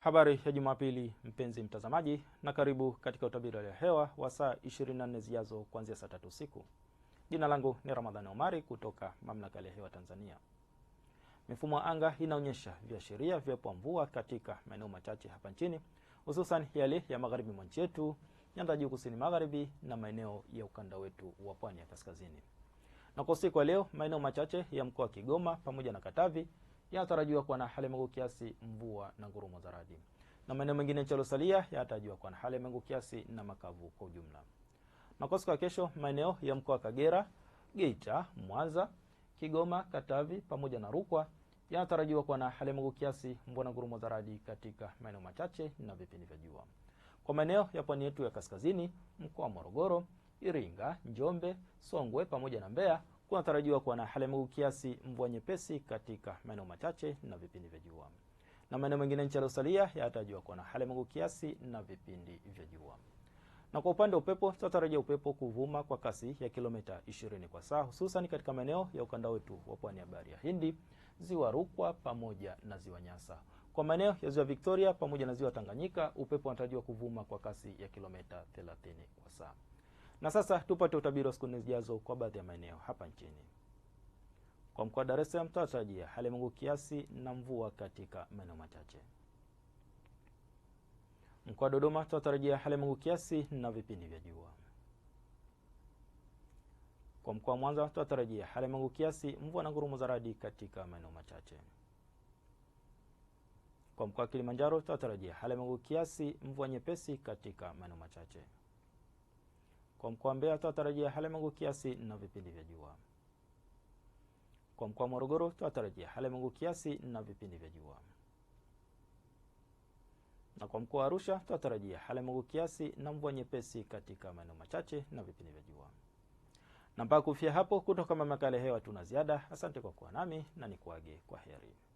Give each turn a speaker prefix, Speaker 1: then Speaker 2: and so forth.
Speaker 1: Habari ya Jumapili, mpenzi mtazamaji, na karibu katika utabiri wa hali ya hewa wa saa 24 zijazo kuanzia saa tatu usiku. Jina langu ni Ramadhani Omari kutoka Mamlaka ya Hali ya Hewa Tanzania. Mifumo ya anga inaonyesha viashiria vya mvua katika maeneo machache hapa nchini, hususan yale ya magharibi mwa nchi yetu, nyanda juu kusini magharibi na maeneo ya ukanda wetu wa pwani ya kaskazini. Na kwa usiku wa leo, maeneo machache ya mkoa wa Kigoma pamoja na Katavi yanatarajiwa kuwa na hali ya mawingu kiasi, mvua na ngurumo za radi, na maeneo mengine nchi yaliyosalia yanatarajiwa kuwa na hali ya mawingu kiasi na makavu kwa ujumla. Na kwa ya kesho, maeneo ya mkoa wa Kagera, Geita, Mwanza, Kigoma, Katavi pamoja na Rukwa yanatarajiwa kuwa na hali ya mawingu kiasi, mvua na ngurumo za radi katika maeneo machache na vipindi vya jua. Kwa maeneo ya pwani yetu ya kaskazini, mkoa wa Morogoro, Iringa, Njombe, Songwe pamoja na Mbeya kunatarajiwa kuwa na hali ya mawingu kiasi, mvua nyepesi katika maeneo machache na vipindi vya jua, na maeneo mengine nchi yaliyosalia yanatarajiwa kuwa na hali ya mawingu kiasi na vipindi vya jua. Na kwa upande wa upepo, tunatarajia upepo kuvuma kwa kasi ya kilomita 20 kwa saa, hususan katika maeneo ya ukanda wetu wa pwani ya bahari ya Hindi, ziwa Rukwa pamoja na ziwa Nyasa. Kwa maeneo ya ziwa Victoria pamoja na ziwa Tanganyika, upepo unatarajiwa kuvuma kwa kasi ya kilomita 30 kwa saa. Na sasa tupate utabiri wa siku nne zijazo kwa baadhi ya maeneo hapa nchini. Kwa mkoa wa Dar es Salaam tunatarajia hali mungu kiasi na mvua katika maeneo machache. Mkoa wa Dodoma tunatarajia hali mungu kiasi na vipindi vya jua. Kwa mkoa wa Mwanza tunatarajia hali mungu kiasi, mvua na ngurumo za radi katika maeneo machache. Kwa mkoa wa Kilimanjaro tunatarajia hali mungu kiasi, mvua nyepesi katika maeneo machache. Kwa mkoa wa Mbeya tunatarajia hali ya mawingu kiasi na vipindi vya jua. Kwa mkoa wa Morogoro tunatarajia hali ya mawingu kiasi na vipindi vya jua. Na kwa mkoa wa Arusha tunatarajia hali ya mawingu kiasi na mvua nyepesi katika maeneo machache na vipindi vya jua. Na mpaka kufia hapo, kutoka makala ya hewa tuna ziada. Asante kwa kuwa nami na nikuage kwa heri.